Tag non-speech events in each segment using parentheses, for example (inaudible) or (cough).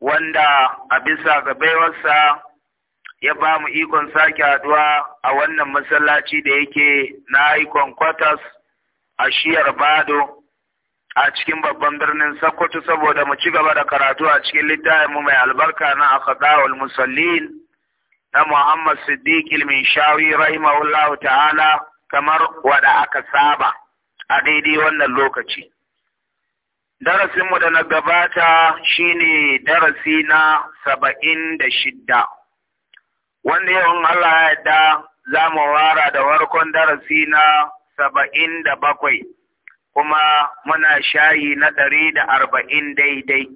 wanda a bisa ga baiwarsa ya ba mu ikon sake haduwa a wannan masallaci da yake na ikon kwatas a shiyar bado a cikin babban birnin sokoto saboda mu ci gaba da karatu a cikin littafin mu mai albarka na akhdawul musallin na muhammad siddiq min shawi rahimahullahu ta'ala kamar wada aka saba a daidai wannan lokaci mu da na gabata shine darasi na saba'in da shidda wanda yawan Allah ya da za mu wara da warkon darasi na saba'in da bakwai kuma muna shayi na ɗari da arba'in daidai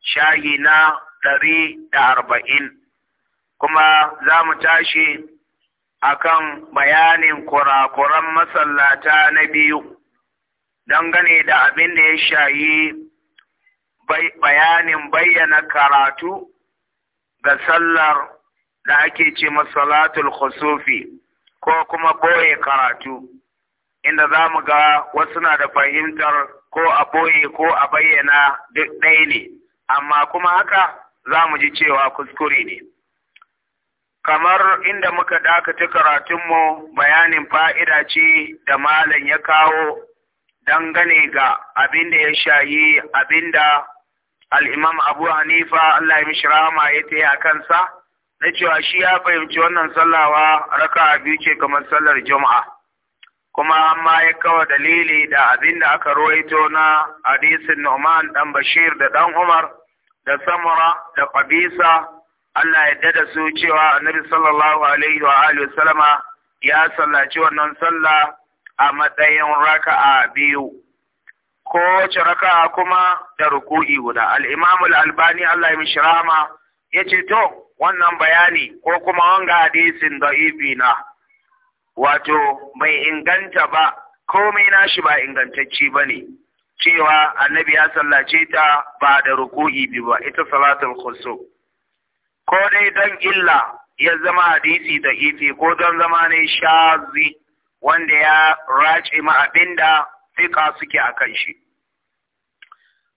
shayi na ɗari da arba'in kuma za mu tashi kan bayanin kurakuran masallata na biyu dangane da abin da ya shayi bayanin bayyana karatu ga sallar da ake ce masalatul khusufi ko kuma boye karatu inda za mu ga wasu na da fahimtar ko a boye ko a bayyana duk ɗaya ne amma kuma haka za mu ji cewa kuskure ne kamar inda muka dakata karatunmu bayanin fa'ida ce da malam ya kawo dangane ga abin da ya shayi abin da al'imam abu hanifa Allah ya mishi rahama ya ta a kansa na cewa shi ya fahimci wannan sallawa raka biyu ce kamar sallar juma'a kuma amma ya kawo dalili da abin da aka ruwaito na hadisin Noman dan Bashir da dan Umar da Samura da Qabisa Allah ya da su cewa Annabi sallallahu alaihi wa alihi sallama ya sallaci wannan sallah a matsayin raka'a biyu ko kowace raka'a kuma da ruku'i guda al-Imam al-Albani Allah ya mishi rahama yace to wannan bayani ko kuma wanga hadisin da na wato mai inganta ba komai nashi ba ingantacci bane cewa annabi ya sallace ta ba da ruku'i biyu ba ita salatul khusuf ko dai don illa ya zama hadisi da ifi ko don zama ne shazi wanda ya race ma da fika suke a kan shi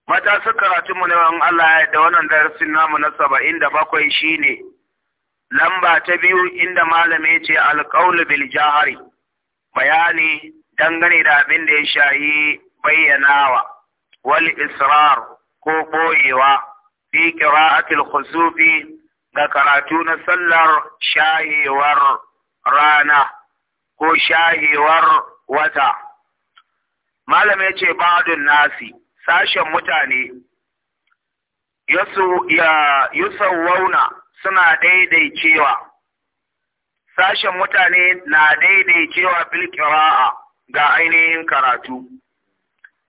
matasan karatunmu na neman Allah ya da wannan darasin namu na saba'in da bakwai shine lamba ta biyu inda malami ce alƙaunu bil jahari bayani dangane da abin da ya shayi bayyanawa wal israr ko ɓoyewa fi qira'atil khusufi ga karatu na sallar shayewar rana ko shahewar wata. Malam ya ce ba'adun nasi, sashen mutane, yusawwauna suna daidaicewa. Sashen mutane na daidaicewa bil qira'a ga ainihin karatu.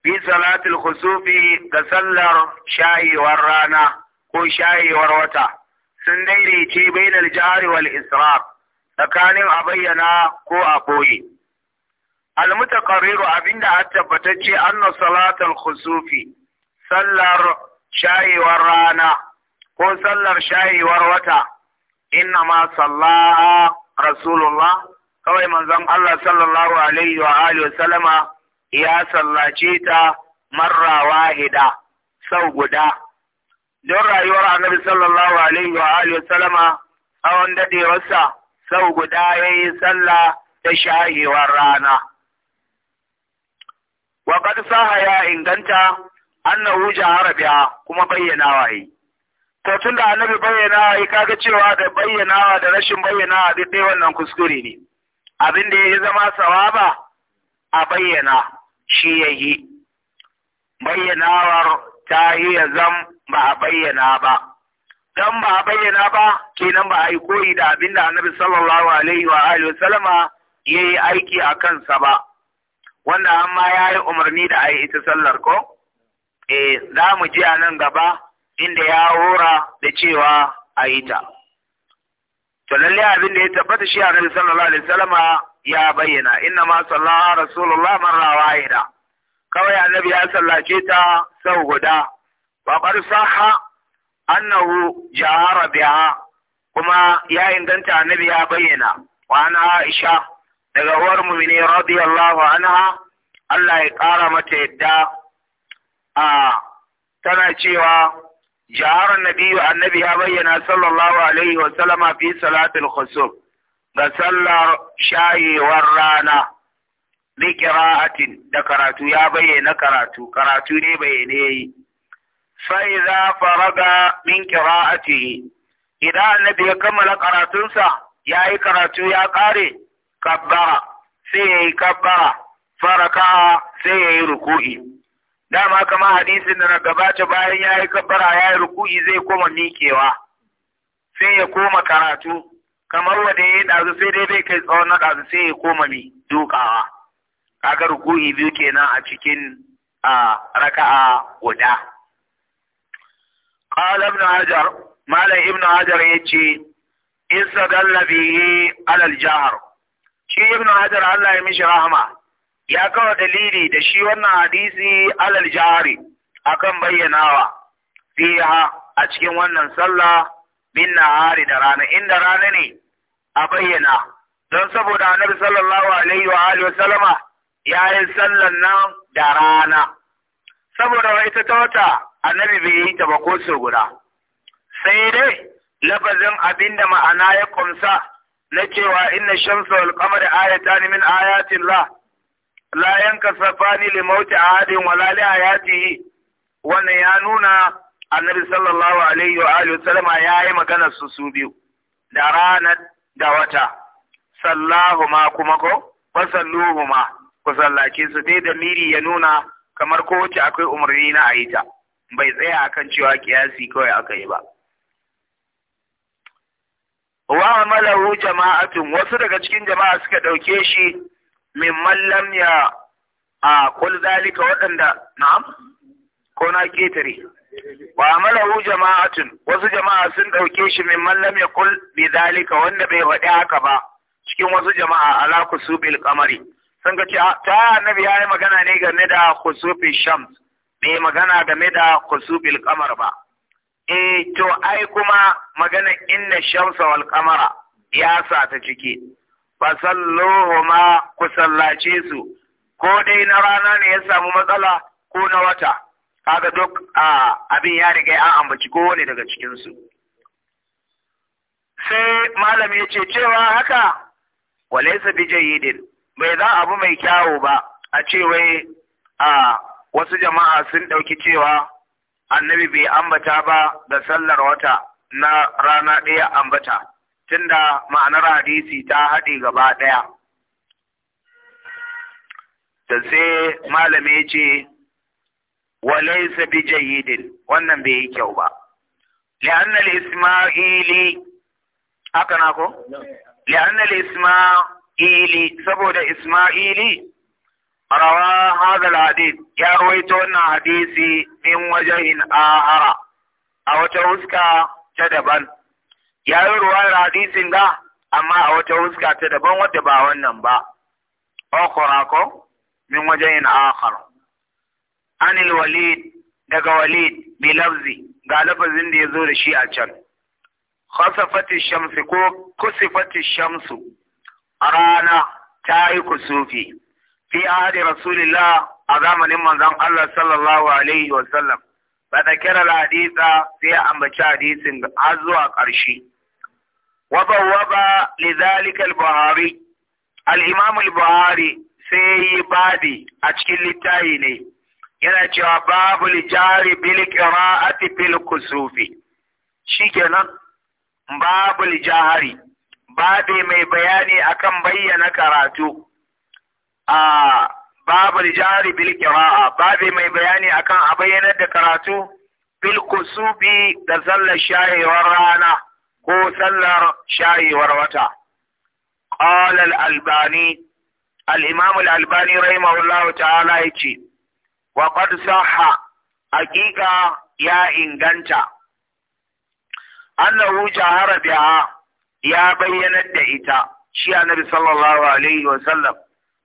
Bi salatul khusufi ga sallar shayewar rana ko shayewar wata, sun daidaice bainal jari wal israf tsakanin a bayyana ko a ɓoye. Almutaqarriru abinda a tabbatacce anna salatar khusufi sallar shayewar rana ko sallar shayewar wata inna ma sallaha rasulullah kawai manzan Allah sallallahu alaihi wa Aliyu wa ya sallace ta marra wahida sau guda don rayuwar annabi sallallahu alaihi wa alihi wa a wanda dadewarsa sau guda ya yi sallah ta shayewar rana. Waƙar saha ya inganta annahu wuja harabiya kuma bayyana yi. To tun da annabi bayyanawa yi kaga cewa da bayyanawa da rashin bayyana a dai wannan kuskure ne. Abin da ya zama sawaba a bayyana shi ya yi. Bayyanawar ta yi ya zam ba a bayyana ba. dan ba a bayyana ba kenan ba a yi koyi da abin da annabi sallallahu alaihi wa alihi wasallama ya yi aiki a kansa ba wanda amma ya yi umarni da a yi ita sallar ko eh za mu ji a nan gaba inda ya hora da cewa a yi ta to lalle abin da ya tabbata shi annabi sallallahu alaihi wasallama ya bayyana inna ma sallallahu rasulullah marra wahida kawai annabi ya sallace ta sau guda ba saha annahu jahara biha kuma ya inganta annabi ya bayyana wa ana Aisha daga uwar mu'mini radiyallahu anha Allah ya kara mata yadda a tana cewa jahara Nabiyu annabi ya bayyana sallallahu alaihi wa sallama fi salatil khusuf ga sallar shayewar rana li da karatu ya bayyana karatu karatu ne bayyane yayi fa'iza faraga min a ciki. idan annabi ya kammala karatunsa ya yi karatu ya ƙare kabbara sai ya yi kabbara faraka sai ya yi ruku'i dama kama hadisin da na gabata bayan ya yi kabbara ya yi ruku'i zai koma miƙewa sai ya koma karatu kamar wanda ya yi ɗazu sai dai bai kai tsawon na ɗazu sai ya koma mi dukawa kaga ruku'i biyu kenan a cikin a raka'a guda qala ibn hajar malam ibn hajar yace istadalla bihi alal shi ibn hajar Allah ya mishi rahama ya kama dalili da shi wannan hadisi alal jahari akan bayyanawa fiha a cikin wannan sallah min nahari da rana inda rana ne a bayyana don saboda annabi sallallahu alaihi wa alihi ya yi sallan nan da rana saboda wai ta wata annabi bai yi ta ba ko sau guda sai dai lafazin abinda ma'ana ya kumsa na cewa inna shamsu wal qamar ayatan min ayatin la la yankasafani li mauti ahadin wala li hayatihi wannan ya nuna annabi sallallahu alaihi wa alihi sallama yayi magana su su biyu da ranar da wata sallahuma kuma ko fasalluhuma ku sallake su dai da miri ya nuna kamar kowace akwai umarni na ayita bai tsaya akan cewa kiyasi kawai aka yi ba wa amalahu jama'atun wasu daga cikin jama'a suka dauke shi min mallam ya a kul zalika waɗanda na'am ko na ketare wa amalahu jama'atun wasu jama'a sun dauke shi min mallam ya kul bi zalika wanda bai faɗi haka ba cikin wasu jama'a ala kusubil kamari sun ga ce ta annabi yayi magana ne game da kusufin shams bai magana game da kusubil kamar ba E, to ai kuma magana inna shamsa wal kamara ya sa ta ciki fasalluhuma ku sallace su ko dai na rana ne ya samu matsala ko na wata kaga duk abin ya riga an ambaci kowane daga cikinsu. sai malam ya ce cewa haka walaysa bi jayyidin bai za abu mai kyawu ba a cewai? a wasu jama'a sun ɗauki cewa annabi bai ambata ba da sallar wata na rana ɗaya ambata tunda ma'anar hadisi ta haɗe gaba ɗaya da sai malami ya ce walaisa bi jayyidin wannan bai yi kyau ba li'anna ismaili haka na ko li'anna ismaili saboda ismaili rawa hadal hadith ya ruwaito wannan hadisi min wajahin ahara a wata huska ta daban ya yi ruwayar hadisin ga amma a wata huska ta daban wadda ba wannan ba okura ko min wajahin akhar anil walid daga walid bi lafzi ga lafazin da ya zo da shi a can khasafati shamsi ko kusifati shamsu a rana ta yi kusufi fi ahadi rasulillah a zamanin manzon Allah sallallahu alaihi wa sallam fa dakara hadisa sai ya ambaci hadisin har zuwa ƙarshe wa bawaba lidhalika al-buhari al-imam al-buhari sai yi a cikin littafi ne yana cewa babu lijari bil qira'ati fil kusufi shikenan babu lijari babi mai bayani akan bayyana karatu a babul jari bil qira'a babi mai bayani akan a bayyanar da karatu bil kusubi da sallar shayewar rana ko sallar shayewar wata qala al albani al imam al albani rahimahullahu ta'ala yace wa qad sahha haqiqa ya inganta annahu jahara biha ya bayyana da ita shi annabi sallallahu alaihi wa sallam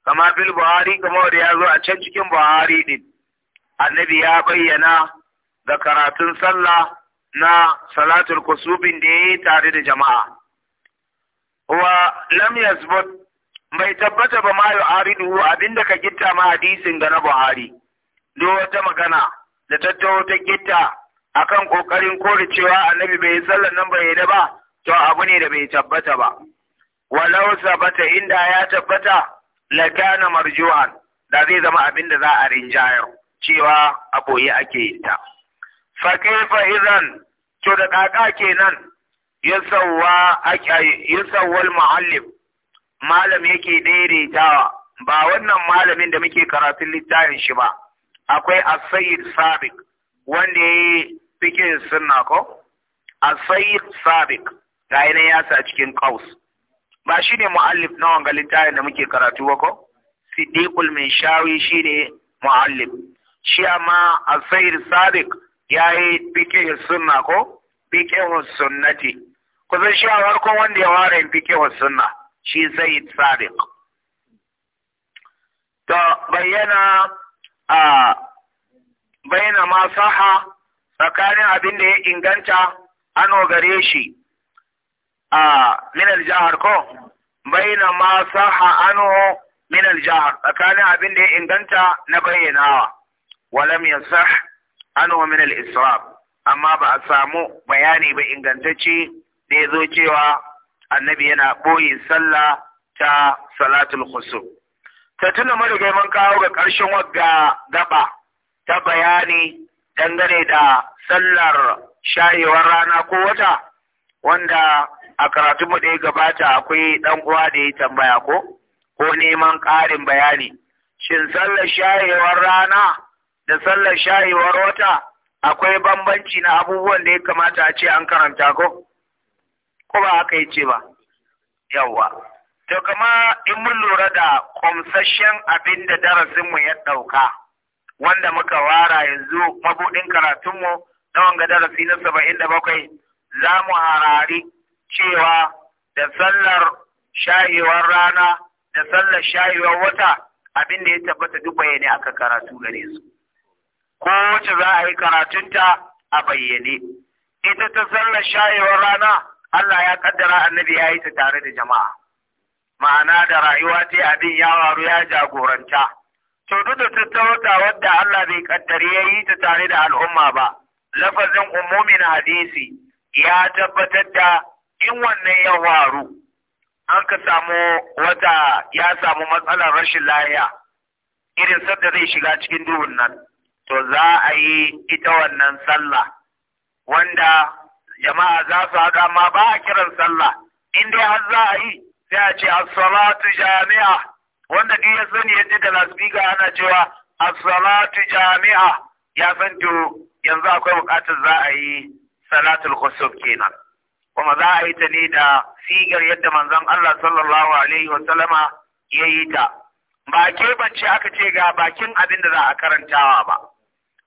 kama fil buhari kama da ya zo a can cikin buhari din annabi ya bayyana da karatun sallah na salatul kusubin da ya yi tare da jama'a wa lam yasbut bai tabbata ba ma aridu abinda ka gitta ma hadisin ga na buhari do wata magana da tattawo ta gitta akan kokarin kore cewa annabi bai yi sallar nan bai da ba to abu ne da bai tabbata ba walau sabata inda ya tabbata lakana marju'an da zai zama abin da za a rinjayar cewa a boye ake yi ta fa kaifa idan to da kaka kenan yasawwa yasawwa malam yake daidaitawa ba wannan malamin da muke karatun littafin shi ba akwai as-sayyid sabiq wanda yayi fikin sunna ko as-sayyid sabiq ga ya sa cikin kaus. ba shi ne muallif na wanga littafin da muke karatu ba ko siddiqul minshawi shine muallif shi amma al-sayyid sadiq yayi bikin sunna ko fiqh sunnati kusan shi a farkon wanda ya ware fiqh sunna shi sayyid sadiq to bayyana a bayyana ma saha tsakanin abin da ya inganta ano gare shi a minar jihar ko baina ma saha anhu minal jahar tsakanin abin da ya inganta na bayyanawa walam yasah anhu minal israf amma ba a samu bayani ba ingantacce da ya zo cewa annabi yana ɓoye sallah ta salatul khusuf ta tuna marigai mun kawo ga ƙarshen wagga gaba ta bayani dangane da sallar shayewar rana ko wata wanda a karatunmu mu da ya gabata akwai dan uwa da ya tambaya ko ko neman ƙarin bayani shin sallar shayewar rana da sallar shayewar wata akwai bambanci na abubuwan da ya kamata a ce an karanta ko ko ba haka ya ce ba yawwa to kama in mun lura da kwamsashen abin da mu ya ɗauka wanda muka wara yanzu mabuɗin karatunmu na wanga darasi na saba'in da bakwai za mu harari cewa da sallar shayewar rana da sallar shayewar wata abin da ya tabbata duk bayani aka karatu gare su ko wacce za a yi karatunta a bayyane ita ta sallar shayewar rana Allah ya kaddara annabi ya yi ta tare da jama'a ma'ana da rayuwa ce abin ya waru ya jagoranta to duk da tattauta wadda Allah bai kaddari ya yi ta tare da al'umma ba lafazin umumin hadisi ya tabbatar da in wannan ya waru an ka samu wata ya samu matsalar rashin lahiya irin sadda zai shiga cikin duhun nan to za a yi ita wannan sallah wanda jama'a za su haɗa ma ba a kiran sallah in dai har za a yi sai a ce as jami'a wanda duk ya sani ya ji da laspika ana cewa as-salatu jami'a ya san to yanzu akwai bukatar za a yi salatul khusuf kenan kuma za a yi ta ne da sigar yadda manzon Allah sallallahu alaihi wa sallama ya yi ta ba ke bacci aka ce ga bakin abin da za a karantawa ba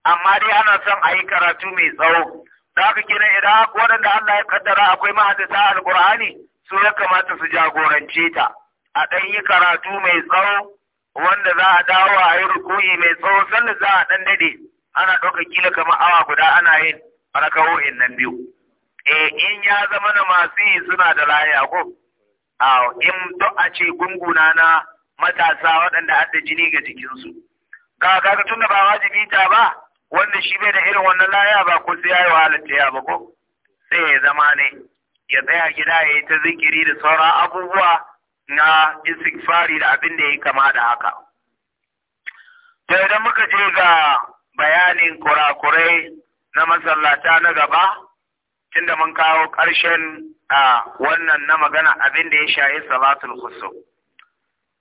amma dai ana son a yi karatu mai tsawo da haka kina idan waɗanda Allah ya kaddara akwai mahadisa alkur'ani su ya kamata su jagorance ta a ɗan yi karatu mai tsawo wanda za a dawo a yi rukuyi mai tsawo sannan za a ɗan dade ana ɗauka kila kamar awa guda ana yin rakawo'in nan biyu eh in ya zama na masu yi suna da layi ko a in to a ce gunguna na matasa waɗanda adda jini ga jikinsu ga kaga tunda ba wajibi ta ba wanda shi bai da irin wannan laya ba ko sai yayi halatta ya ba ko sai ya zama ne ya tsaya gida ya yi ta zikiri da sauran abubuwa na istighfari da abin da ya kama da haka to idan muka je ga bayanin kurakurai na masallata na gaba da mun kawo ƙarshen a wannan na magana abin da ya shahi salatul khusuf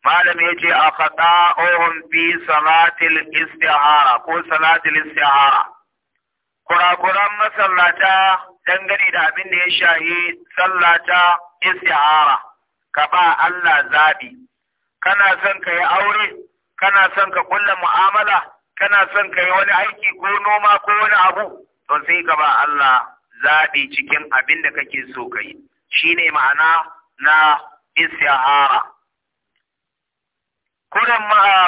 malam ya ce a faɗa ohun fi salatul istihara ko salatul istihara kurakuran masallata dangane da abin da ya shaye sallata istihara ka ba Allah zaɓi kana son ka yi aure kana son ka kulla mu'amala kana son ka yi wani aiki ko noma ko wani abu to sai ka ba Allah zaɓi cikin abin da kake so ka yi shi ne ma'ana na istihara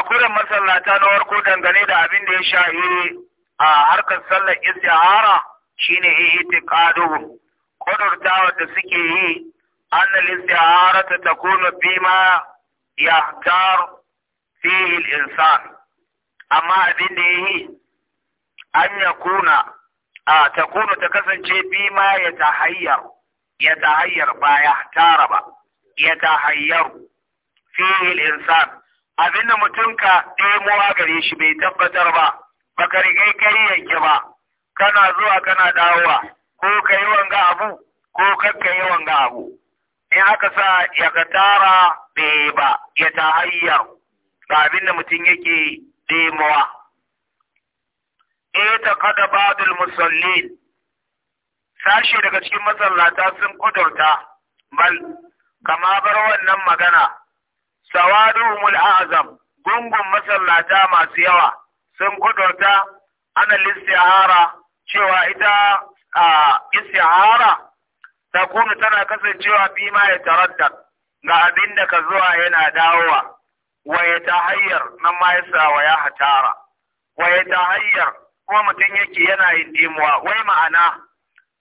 kuren masallata na warko dangane da abin da ya shahi a harkar sallar istihara shi ne itiqaduhu kudurtawa da suke yi annal istihara ta takunu bima yahtar fihi al-insan amma abin da ya yi an kuna a ta kuma ta kasance bi ma ya tahayyar ya ba ya tara ba ya tahayyar fihi insan abinda mutum ka ɗemowa gare shi bai tabbatar ba Ba baka rigai kai yanke ba kana zuwa kana dawowa ko ka yi wanga abu ko ka yi wanga abu in aka sa ya ka tara bai ba ya tahayyar ga abinda mutum yake ɗemowa ita kada badul musallin sashi daga cikin masallata sun kudurta bal kama bar wannan magana sawaduhumul a'zam gungun masallata masu yawa sun kudurta ana listihara cewa ita a istihara ta kuma tana kasancewa fi ma ya taraddad ga abin da ka zuwa yana dawowa wa ya tahayyar nan ma ya sa wa ya hatara wa ya tahayyar Kuma mutum yake yana yin dimuwa wai ma'ana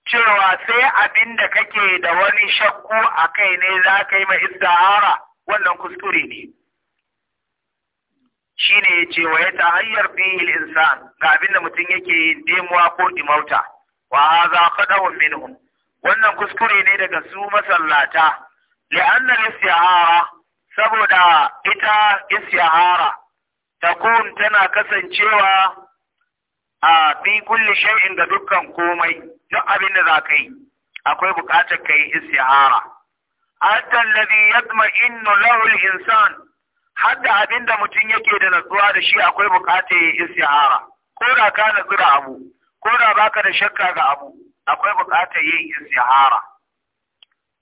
cewa sai abin da kake da wani shakku a kai ne za ka yi mai istihara wannan kuskure ne shi ne ya ce wa ya ta hanyar fihil insan ga abin da mutum yake yin dimuwa ko dimauta wa ka kadawun minhum wannan kuskure ne daga su masallata li'annal istihara saboda ita istihara takun tana kasancewa a fi kulli shay'in da dukkan komai duk abin da za ka yi akwai buƙatar ka yi istihara hatta alladhi inna lahu al-insan hadda abin da mutum yake da natsuwa da shi akwai buƙatar ya yi istihara ko da ka na da abu ko da baka da shakka ga abu akwai buƙatar yin istihara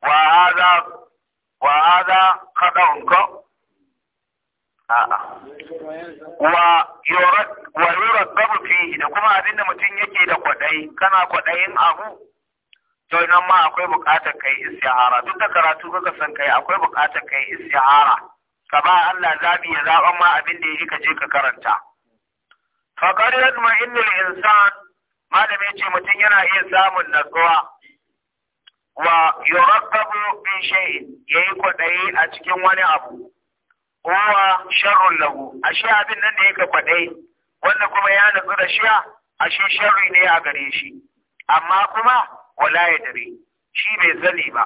wa hadha wa hadha qada'un ka wa yurar gabu da kuma abinda da mutum yake da kwaɗayi kana kwaɗayin abu to nan ma akwai buƙatar kai istihara duk da karatu kaka san kai akwai bukatar kai istihara ka ba Allah zabi ya zaɓa ma abin da yake ka je ka karanta ma innal insan malami yace mutum yana iya samun natsuwa wa yuraqabu bi shay'in yayi kwaɗayi a cikin wani abu kowa sharrun lahu ashe abin nan da yake kwaɗai wanda kuma ya nutsu da shi, ashe sharri ne a gare shi amma kuma wala ya dare shi bai sani ba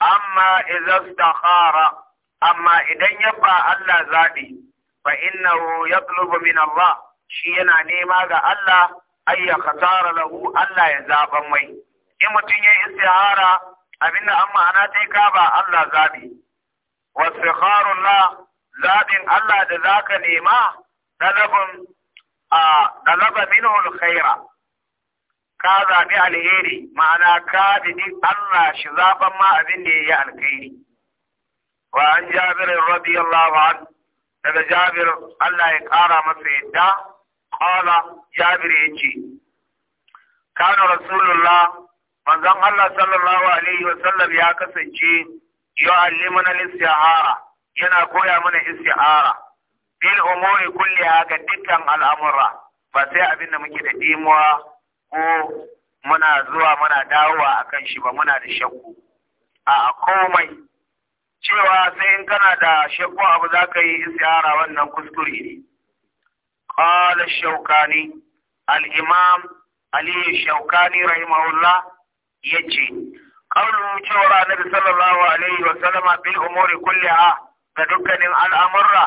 amma idza istakhara amma idan ya ba Allah zabi fa innahu yatlubu min Allah shi yana nema ga Allah ayya khatara lahu Allah ya zaban mai in mutum ya istihara abinda amma ana ta ka ba Allah zabi wasfikharullah zaɓin Allah da za ka nema ɗalabin a ɗalaba minhul ka zaɓi alheri ma'ana ka didi Allah shi zaɓan ma abin da ya yi alheri. wa an jabirin radiyallahu an daga jabir Allah ya ƙara masa yadda ƙala jabir ya ce kana rasulullah manzon Allah sallallahu alaihi wasallam ya kasance yu'allimuna al-istihara yana koya mana istihara bil umuri kulliha ga dukkan al'amura ba sai abin da muke da dimuwa ko muna zuwa muna dawowa akan shi ba muna da shakku a komai cewa sai in kana da shakku abu za ka yi istihara wannan kuskure ne qala shaukani al-imam ali shaukani rahimahullah yace Ƙaulu cewar annabi sallallahu alaihi wa sallama bil umuri kulliha ga dukkanin al'amurra.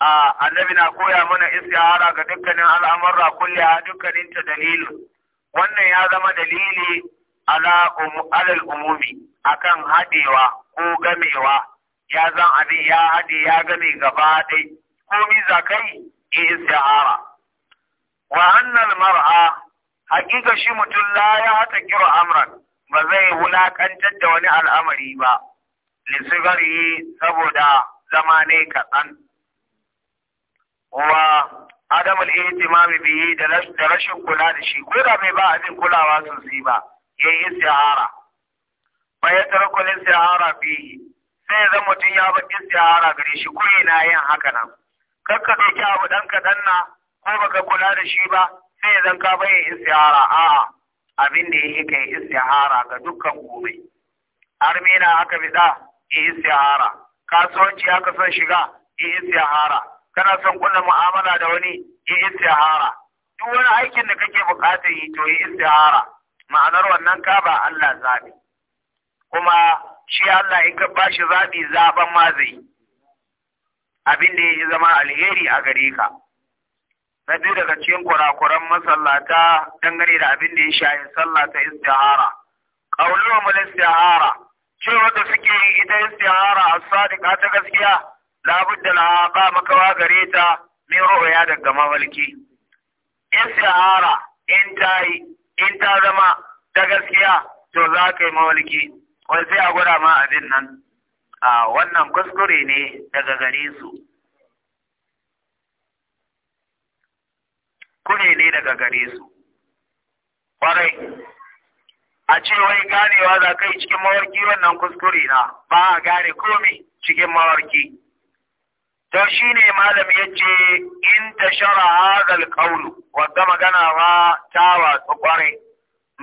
A annabi na koya mana istihara ga dukkanin al'amurra kulliha dukkanin ta dalil Wannan ya zama dalili ala alal umumi akan haɗewa ko gamewa ya zan abin ya haɗe ya game gaba ɗai komi zakai kai istihara. Wa annal mar'a hakika shi mutum la ya hata kiro amran ba zai wulakantar da wani al'amari ba yi saboda zama ne kaɗan wa adamul ihtimami biyi da rashin kula da shi ko da ba abin kulawa sosai ba yi istihara fa ya tarku istihara biyi, sai zan mutum ya bar istihara gare shi kuri yana yin haka nan kakka dauki abu dan kaɗan na ko baka kula da shi ba sai zan ka bayyana istihara a'a abin da yake yi istihara ga dukkan gobe armina aka yi istihara kasuwanci aka son shiga yi istihara kana son kulla mu'amala da wani yi istihara duk wani aikin da kake bukatar yi to yi istihara ma'anar wannan ka ba Allah zaɓi. kuma shi Allah in ka bashi zaɓi, zaɓen ma zai abin da ya zama alheri a gare ka na biyu daga cikin kurakuran masallata dangane da abin da ya shayin sallah ta istihara qaulul na istihara ce wanda suke yi ita istihara as-sadiqa ta gaskiya labudda la ba makawa gare ta min daga mawalki istihara in ta yi in ta zama ta gaskiya to za ka yi mawalki wai sai a gwada ma abin nan a wannan kuskure ne daga gare su kuskure ne daga gare su kwarai a ce wai ganewa za kai cikin mawarki wannan kuskure na ba a gane komai cikin mawarki to shi shine malam ce in shara hazal qawlu wadda magana ba ta wasu kwarai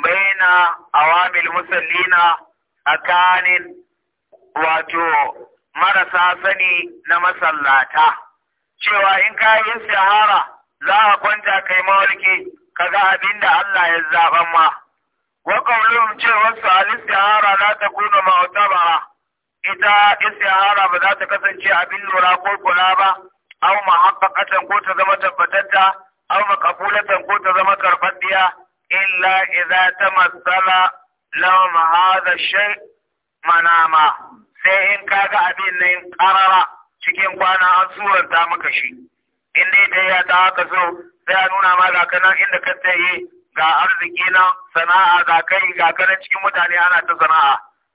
baina awamil musallina kanin wato marasa sani na masallata cewa in ka yi za a kwanta kai ka ga abin da Allah ya zaɓan ma. Wa ƙaunin cewar su a istihara za ta kuna ba, ita istihara ba za ta kasance abin lura ko kula ba, au mahaƙaƙatan ko ta zama tabbatatta, au maƙafulatan ko ta zama karɓaɗɗiya, illa iza ta matsala lau mahaza shai manama, sai in kaga abin nan ƙarara cikin kwana an suranta maka shi. Indi ta yi ya dawo so sai a nuna ma ga kanan inda ka yi ga arziki na sana'a ga kai ga kanan cikin mutane ana ta sana'a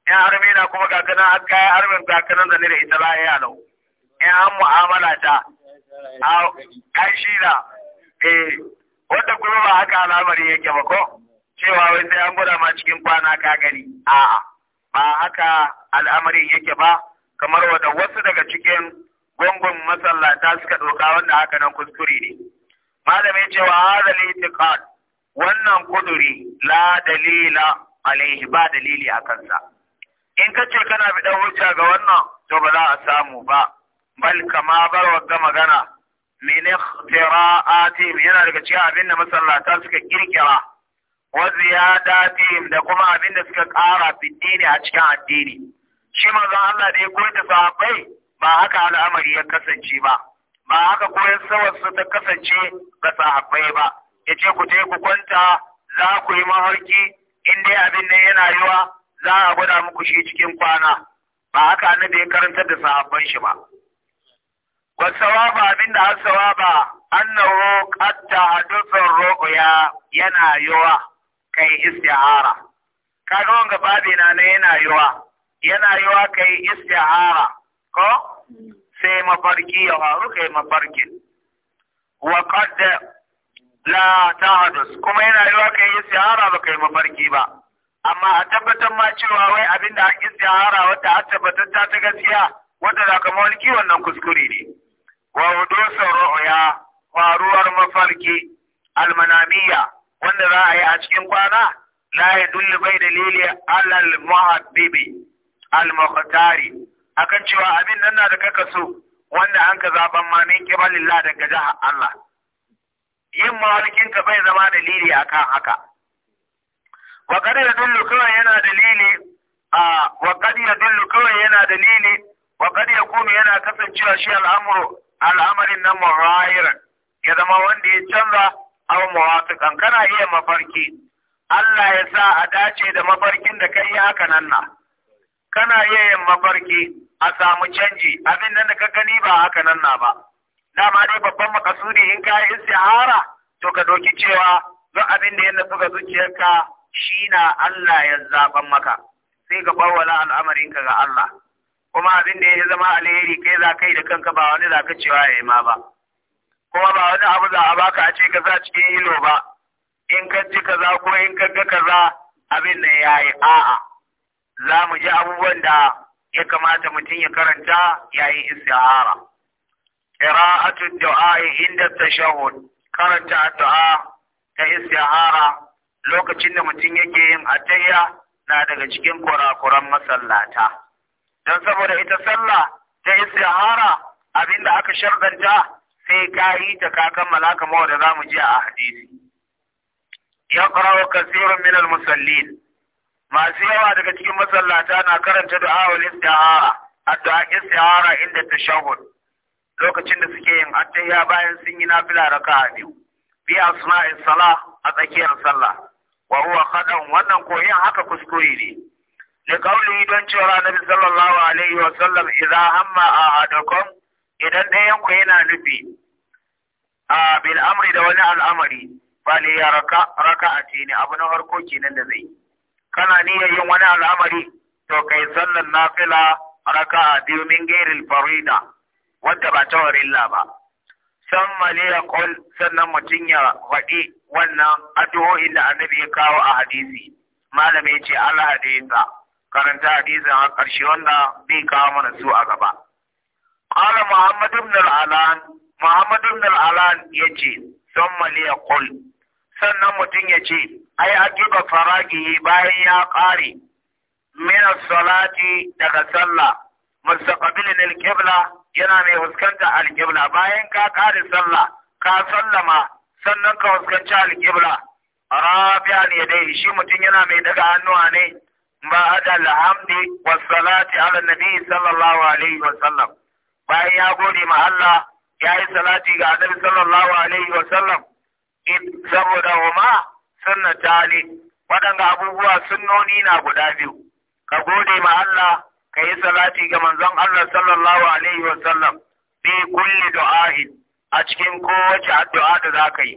in armi na kuma ga kanan an kaya harbin ga kanan zane da ita laye ya lau in an mu'amala ta a kai shi da eh wanda kuma ba haka al'amari yake ba ko cewa wai sai an gwada ma cikin kwana ka gani a'a ba haka al'amari yake ba kamar wanda wasu daga cikin gungun masallata suka ɗauka wanda haka nan kuskure ne ya ce wa hadha al itiqad wannan kuduri la dalila alaihi ba dalili a kansa in ka ce kana bi da hujja ga wannan to ba za a samu ba bal kama bar ga magana min ikhtira'atihim yana daga cikin abin da masallata suka kirkira wa ziyadati da kuma abin da suka kara fitini a cikin addini shi manzon Allah da ya koyar da sahabbai ba haka al'amari ya kasance ba ba haka sawar su ta kasance ga sahabbai ba ya ce ku je ku kwanta za ku yi maharki in dai abin nan yana yiwa za a gwada muku shi cikin kwana ba haka da ya karanta da sahabban shi ba wasawaba abin da an sawaba annahu qad tahadduthu ru'ya yana yiwa kai istihara kaga wanga babi na yana yiwa yana yiwa kai istihara ko sai mafarki ya faru kai mafarkin wa qad la tahdus kuma yana yiwa kai istihara ba kai mafarki ba amma a tabbatar ma cewa wai abin da istihara wata a tabbatar ta ta gaskiya wata da kamar wani kiwon nan kuskure ne wa sauro ru'ya faruwar mafarki almanamiya wanda za a yi a cikin kwana la ya bai dalili alal muhabbibi al muhtari akan cewa abin nan na da kaka so wanda an ka zaben ma min ƙibalillah daga jihar Allah. Yin mawalikin ka bai zama dalili a kan haka. Wa da dullu kawai yana dalili a wa da dullu kawai yana dalili wa ya kuma yana kasancewa shi al'amuru al'amarin nan muhayiran ya zama wanda ya canza aw muwafiqan kana iya mafarki Allah ya sa a dace da mafarkin da kai haka nan na. kana iya yin mafarki a samu canji abin nan da ka gani ba haka nan na ba dama dai babban makasudi in ka yi istihara to ka doki cewa duk abin da ya nufi ga zuciyarka shi na Allah ya zaban maka sai ka al'amarin ka ga Allah kuma abin da ya zama alheri kai za kai da kanka ba wani za ka cewa ya yi ma ba kuma ba wani abu za a baka a ce ka sa cikin ilo ba in ka ji kaza ko in ka ga kaza abin nan ya yi a'a za mu ji abubuwan da ya kamata mutum ya karanta yayin istihara qira'atu du'a inda tashahhud karanta addu'a ta istihara lokacin da mutum yake yin atayya na daga cikin kurakuran masallata don saboda ita sallah ta istihara abinda aka shardanta sai ka yi ta ka kammala kamar da mu ji a hadisi Ya ƙarawa min minal musallin masu yawa daga cikin masallata na karanta da istihara addu'a istihara inda tashahud lokacin da suke yin attahiyya bayan sun yi nafila raka'a biyu bi asma'is salah a tsakiyar sallah wa huwa khadan wannan koyin haka kuskure ne da kauli don cewa nabi sallallahu alaihi wa sallam idza hamma ahadukum idan ɗayan ku yana nufi a bil amri da wani al'amari fa li yaraka raka'ati ne abu na harko kenan da zai yi kana niyyar yin wani al'amari to kai sallar nafila raka'a biyu min gairil farida wadda ba ta warilla ba san ya qul sannan mutum ya faɗi wannan addu'o'i da annabi ya kawo a hadisi malamai ce Allah hadisa karanta hadisin a ƙarshe wanda bai kawo mana su a gaba qala muhammad ibn al-alan muhammad ibn al-alan yace san ya sannan mutum ya ce ai aqiba faragi bayan ya ƙare mina salati daga sallah mustaqbilin al alƙibla yana mai huskanta alƙibla. bayan ka ƙare sallah ka sallama sannan ka huskanci al-qibla ne dai, shi mutum yana mai daga hannuwa ne ba da الحمد salati على النبي sallallahu alaihi wa sallam. bayan ya gode ma Allah ya yi salati ga annabi sallallahu alaihi wa sallam saboda huma sunnata tali waɗanda abubuwa sunnoni na guda biyu ka gode ma Allah ka yi salati ga manzon Allah sallallahu alaihi wa sallam bi kulli du'ahin a cikin kowace addu'a da za ka yi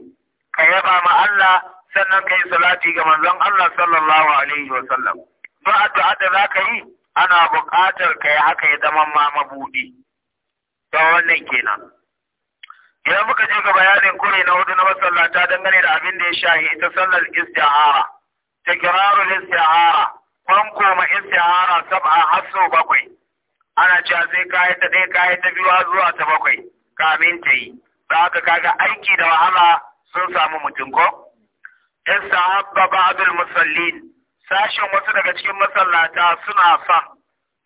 ka yaba ma Allah sannan ka yi salati ga manzon Allah sallallahu alaihi wa sallam duk addu'a da za ka yi ana buƙatar ka yi haka ya zama ma mabuɗi. ta wannan kenan idan muka je ga bayanin kure na hudu na masallata dangane da abin da ya shahi ita sallar istihara tikrarul istihara kwan koma istihara sab'a hasu bakwai ana cewa sai kayi ta ɗaya kayi ta biyu zuwa ta bakwai kamin ta yi da ka kaga aiki da wahala sun samu mutum ko ba ba'dul musallin Sashen wasu daga cikin masallata suna son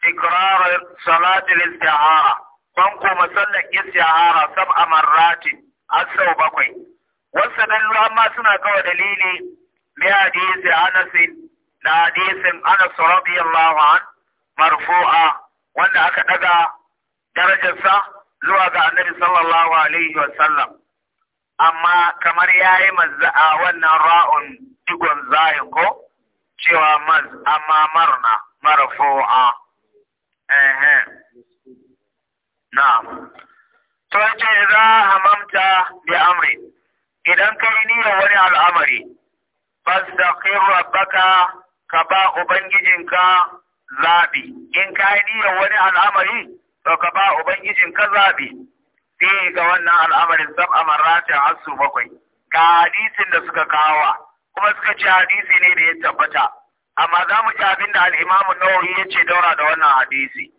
tikrar salatul istihara ban kuma sallar istihara sab'a marrati asau bakwai wasu dallu ma suna kawo dalili mai hadisi anasi na hadisin Anas radiyallahu an marfu'a wanda aka daga darajarsa zuwa ga Annabi sallallahu alaihi wa sallam amma kamar yayi mazza'a wannan ra'un digon zayin ko cewa maz amma marna marfu'a eh eh na'am to ce za mamta bi amri idan ka yi niyyar wani al'amari fastaqir rabbaka ka ba ubangijinka zaɓi. in ka yi niyyar wani al'amari to ka ba ubangijinka zaɓi. sai ga wannan al'amarin a amarratin hasu bakwai ga hadisin da suka kawo kuma suka ci hadisi ne da ya tabbata amma za mu ci abin da al'imamu nawawi ya ce daura da wannan hadisi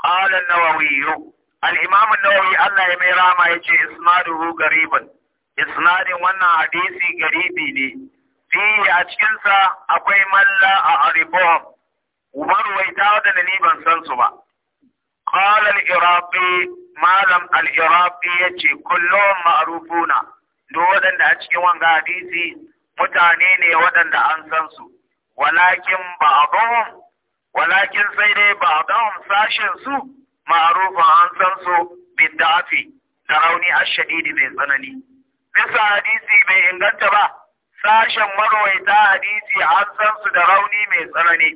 qala an Al'imamin imam Allah ya mai rama yace isnaduhu gariban isnadin wannan hadisi garibi ne fihi a cikinsa akwai malla a arifahum marwaita da ni ban san su ba qala al malam al ya yace kullum ma'arufuna. duk waɗanda a cikin wanga hadisi mutane ne waɗanda an san su walakin ba'dhum walakin sai dai ba'dhum sashin su ma'arufin an san su bidda'afi da rauni ashadidi mai tsanani bisa hadisi bai inganta ba sashen marwaita hadisi an san su da rauni mai tsanani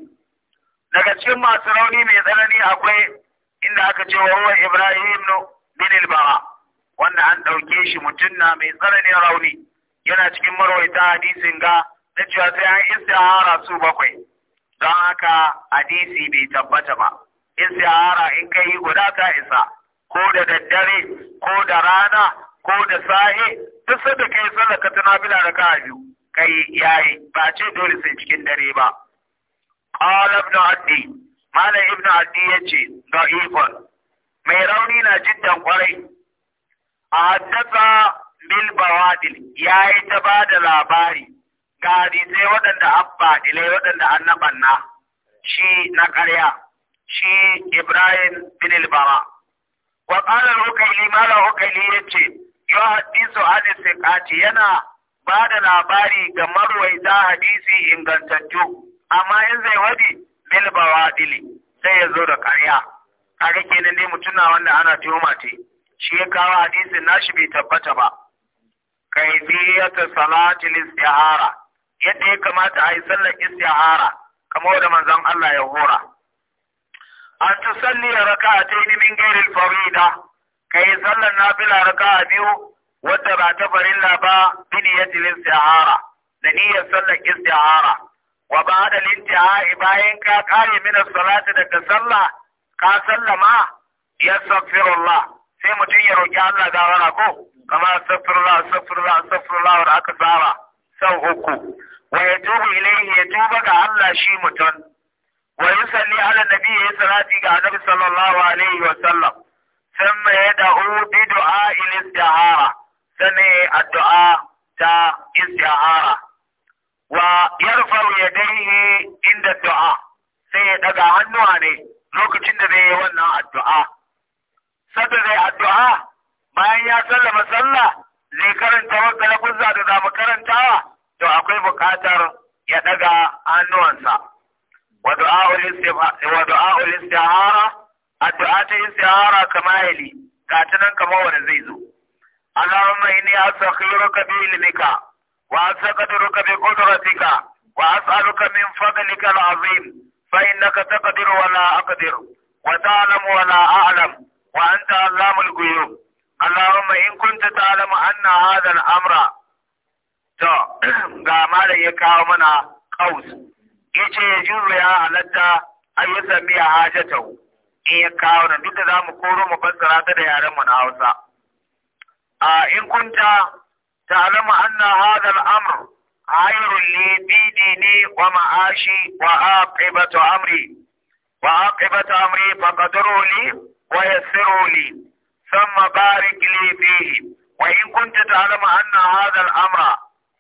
daga cikin masu rauni mai tsanani akwai inda aka ce wa Ibrahim bin al wanda an ɗauke shi mutum na mai tsananin rauni yana cikin marwaita hadisin ga na cewa sai an istihara su bakwai don haka hadisi bai tabbata ba In istihara in ka yi guda ta isa ko da daddare ko da rana ko da sahi duk sanda kai sallar ka tana bila da ka biyu kai yayi ba ce dole sai cikin dare ba qala ibn addi mala ibn addi yace ikon. mai rauni na jiddan kwarai a haddasa bil bawadil yayi ta ba da labari ga hadisai waɗanda abba ilai waɗanda annabanna shi na ƙarya shi Ibrahim bin Ilbara. wa qala al ya yace yau hadisu hadisi kaci yana ba da labari ga marwaita hadisi ingantattu amma in zai wadi bil ɗili. sai ya zo da ƙarya kaga kenan dai na wanda ana tuhuma ce shi ya kawo hadisin nashi bai tabbata ba kaifiyatu salati istihara yadda ya kamata a yi sallar istihara kamar da manzon Allah ya hora an ta raka a min ghairi al-farida yi sallan nafila a biyu wadda ba ta farilla ba bi tilin sahara, da niyyar sallar istihara wa ba'da al jihari bayan ka kare mina salati daga sallah ka sallama yastaghfirullah sai mutum ya roƙi Allah gawara ko kama astaghfirullah astaghfirullah astaghfirullah wa aka tsara. sau uku wa ya tuba ilai ya tuba ga Allah shi mutum wa yusalli ala nabi ya salati ga annabi sallallahu alaihi wa sallam thumma yad'u bi du'a al-istihara sanne addu'a ta istihara wa yarfa'u yadayhi inda du'a sai ya daga hannuwa ne lokacin da zai yi wannan addu'a sabda zai addu'a bayan ya sallama sallah zai karanta wakala kuzza da zamu karantawa to akwai bukatar ya daga hannuwansa ودعاء ودعاء الاستعارة الدعاء الاستعارة كما يلي كاتنا كما ونزيزو اللهم إني أستخيرك بعلمك وأستقدرك بقدرتك وأسألك من فضلك العظيم فإنك تقدر ولا أقدر وتعلم ولا أعلم وأنت علام الغيوب اللهم إن كنت تعلم أن هذا الأمر تو (clears throat) قام علي كاومنا قوس yace yajuzu ya halatta an yi samiya hajatahu in ya kawo nan duk da za mu koro mu fassara ta da yaren mu na Hausa a in kunta alama anna hadha al-amr khairun li bidini wa ma'ashi wa aqibatu amri wa aqibatu amri faqadru li wa yassiru li thumma barik li fihi wa in kunta alama anna hadha al-amra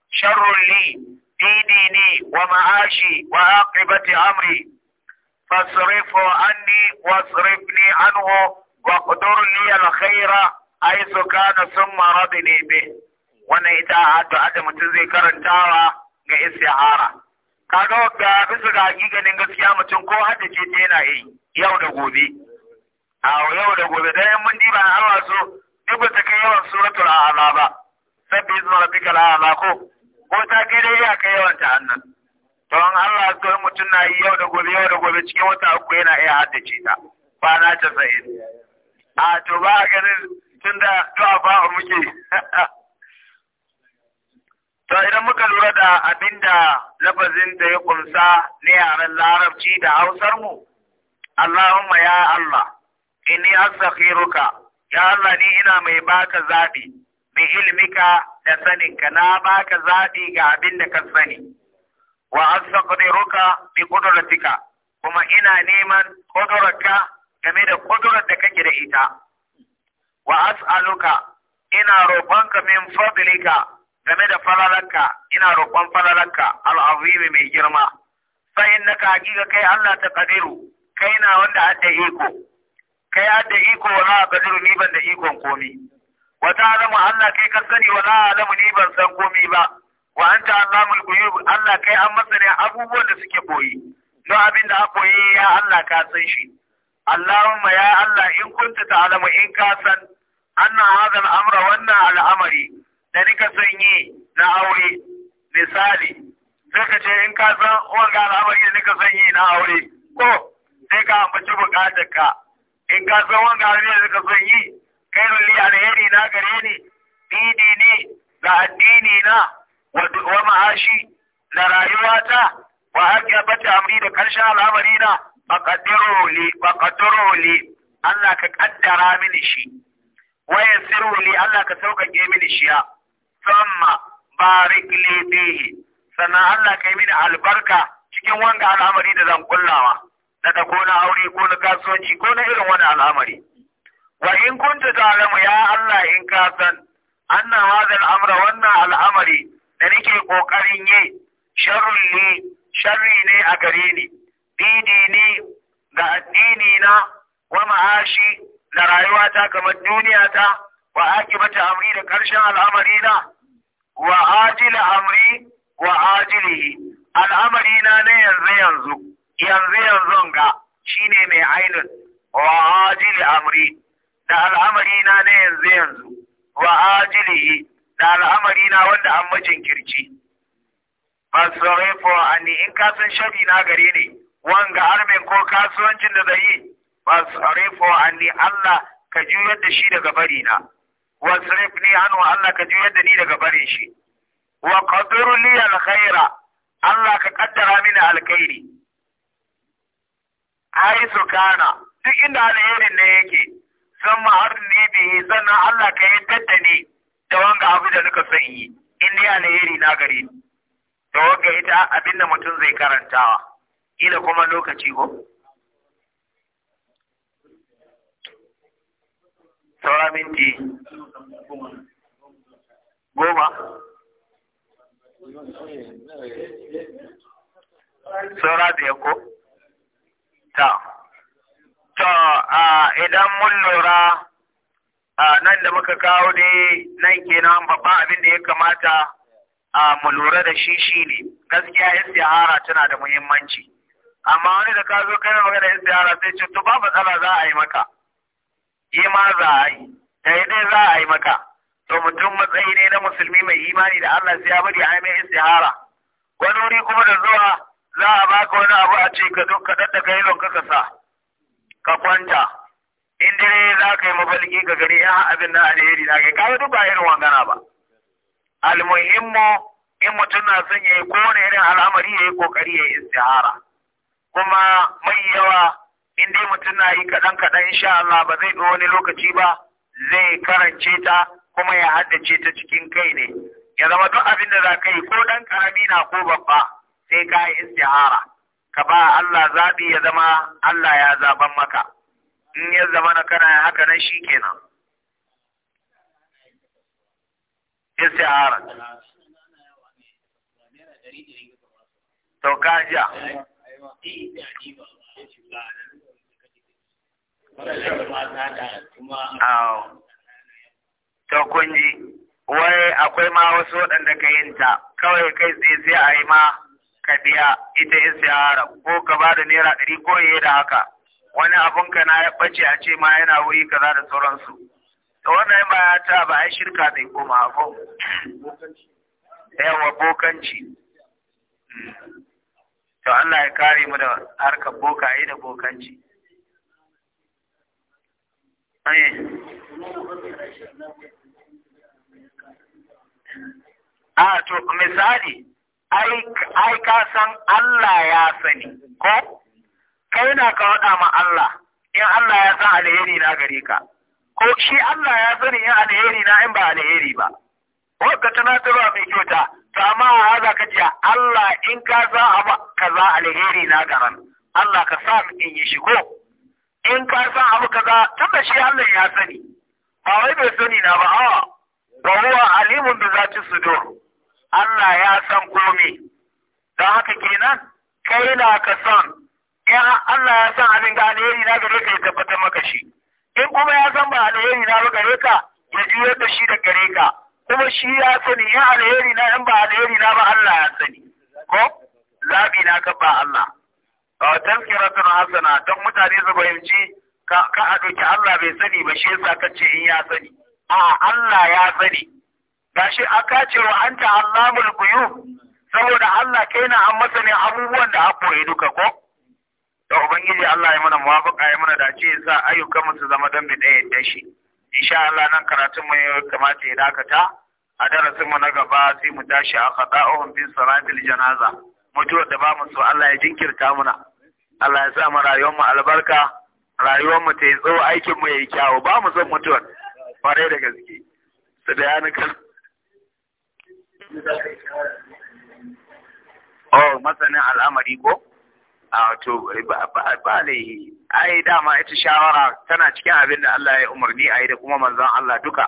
sharrun li بديني ومعاشي وعاقبة أمري فاصرفه عني واصرفني عنه واقدر لي الخير حيث كان ثم رضني به وانا ita addu'a da mutum zai karantawa ga istihara kaga ga bisa ga ganin gaskiya mutum ko hada ce ta yana yi yau da gobe a yau da gobe dan yan mun diba Allah so duk ba kai yawan suratul a'la ba sabbi ko ko ta kai dai ya kai yawan ta annan to an Allah so mutum na yi yau da gobe yau da gobe cikin wata uku yana iya haddace ta ba na ta sai a to ba ganin tunda to a ba muke (laughs) to idan muka lura da abinda lafazin da ya ƙunsa na yaren larabci da hausar mu Allahumma ya Allah inni astakhiruka ya Allah ni ina mai baka zabi bi ilmika da saninka na baka zaɓi ga abin da ka sani wa astaqdiruka bi qudratika kuma ina neman qudratka game da ƙudurar da kake da ita wa as'aluka ina roƙonka min fadlika game da falalarka ina roƙon falalarka al'azimi mai girma fa innaka hakika kai Allah ta kadiru kai na wanda adda iko kai adda iko wala kadiru ni ban da ikon komi wa alamu Allah kai kan sani wa la alamu ni ban san komai ba wa anta allamul ghuyub Allah kai an ne abubuwan da suke koyi. don abin da aka yi ya Allah ka san shi Allahumma ya Allah in kunta ta'lamu in ka san anna hadha al-amra wannan al'amari da nika sanyi na aure misali sai ka ce in ka san wanga al'amari da nika sanyi na aure ko sai ka ambaci bukatar ka in ka san wanga al'amari da san sanyi khairun li alheri na gare ni dini ne ga addini na wa ma'ashi na rayuwata wa bata amri da karshen al'amari na faqaddiru Allah ka ƙaddara mini shi wa yassiru Allah ka sauƙaƙe mini shi ya thumma barik li sannan Allah ka yi mini albarka cikin wanga al'amari da zan kullawa na da ko aure ko na kasuwanci ko na irin wani al'amari wa in kunta ta'lamu ya Allah in ka san anna hadha al wannan al'amari da nake kokarin yi sharrun ne sharri ne a gare ni didi ne da addini na wa ma'ashi da rayuwata kamar duniya ta wa akibata amri da karshen al'amari na wa ajila amri wa ajilihi na yanzu yanzu yanzu yanzu ga shine mai ainin wa amri da al'amari na na yanzu yanzu wa ajilihi da al'amari na wanda an majin kirci fo ani in ka san shari na gare ne wanga armin ko kasuwancin da zai yi fo ani Allah ka juyar da shi daga bari na wasrif ni anhu Allah ka juyar da ni daga barin shi wa qadir li alkhaira Allah ka kaddara mini alkhairi ai su kana duk inda alherin ne yake zama ni bihi sannan Allah ka yadda da ni da wanga abu da nuka son yi in dai alheri na gare ni da wanga ita abin da mutum zai karantawa ila kuma lokaci ko saura minti goma saura da yako ta To, idan mun lura nan da muka kawo ne nan kenan babba abin da ya kamata mu lura da shi shi ne, gaskiya istihara tana da muhimmanci. Amma wani da ka zo kai magana istihara sai ce, to ba matsala za a yi maka, yi ma za a yi, dai za a yi maka. To mutum matsayi ne na musulmi mai imani da Allah sai ya bari a mai istihara. Wani wuri kuma da zuwa za a baka wani abu a ce ka duk ka daddaka yi ka sa. ka kwanta in dare za ka yi mafalki ga gari ya ah, abin na alheri na kai kawo duk ba irin wangana ba almuhimmo in mutum na son ya yi kowane irin al'amari ya yi kokari ya yi istihara kuma mai yawa in dai mutum na yi kaɗan kaɗan insha Allah ba zai ɗo wani lokaci ba zai karance ta kuma ya haddace ta cikin kai ne ya zama duk abin da za ka yi ko ɗan ƙarami na ko babba sai ka yi istihara ka ba Allah zaɓi ya zama Allah ya zaɓan maka in ya zama na kana haka nan shi kenan istihara to to ji. wai akwai ma wasu waɗanda ka yinta kawai kai tsaye sai a yi ma ka biya ita haram, ko ka ba da naira ɗari ko yi da haka wani abun ka na bace a ce ma yana wuri kaza da sauransu to wannan ba ya ta ba ai shirka zai koma ko yawa bokanci to Allah ya kare mu da harkar bokaye da bokanci ai a to misali ai ka san Allah ya sani ko kai na ka faɗa ma Allah in Allah ya san alheri na gare ka ko shi Allah ya sani in alheri na in ba alheri ba ta tunatarwa mai kyauta to amma haza ka ce Allah in ka san abu kaza alheri na garan Allah ka sa in yi shi ko in ka san abu kaza da shi Allah ya sani ba wai bai sani na ba a wa huwa alimun ci su sudur Allah ya san komai don haka kenan kai na ka san in Allah ya san abin ga alheri na gare ka ya tabbatar maka shi in kuma ya san ba alheri na ba gare ka ya juyar da shi da gare ka kuma shi ya sani in alheri na in ba alheri na ba Allah ya sani ko zabi na ka ba Allah tazkiratun hasana don mutane su fahimci ka a doki Allah bai sani ba shi yasa kace in ya sani a Allah ya sani gashi aka ce wa anta allamul guyub saboda Allah kai na an masa ne abubuwan da aka ya duka ko da ubangiji Allah ya mana muwafaqa ya mana dace ya sa ayyukan mu su zama dan bi daya da shi insha Allah nan karatun mu ya kamata ya dakata a darasin mu na gaba sai mu tashi a qada'uhum bi salatil janaza mutuwar da ba mu so Allah ya jinkirta muna Allah ya sa mu rayuwar mu albarka rayuwar mu ta yi tsawo aikin mu yayi kyawu ba mu son mutuwar kware da gaske su da Oh, masanin al'amari ko? A to, ba laihi, ai dama ita shawara tana cikin abin da Allah ya umarni a yi da kuma manzon Allah duka.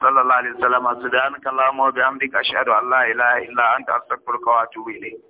Sallallahu Alaihi Wasallam, su da an kallama bi bihamdika, shaɗu Allah ila illa anta astaghfiruka wa atubu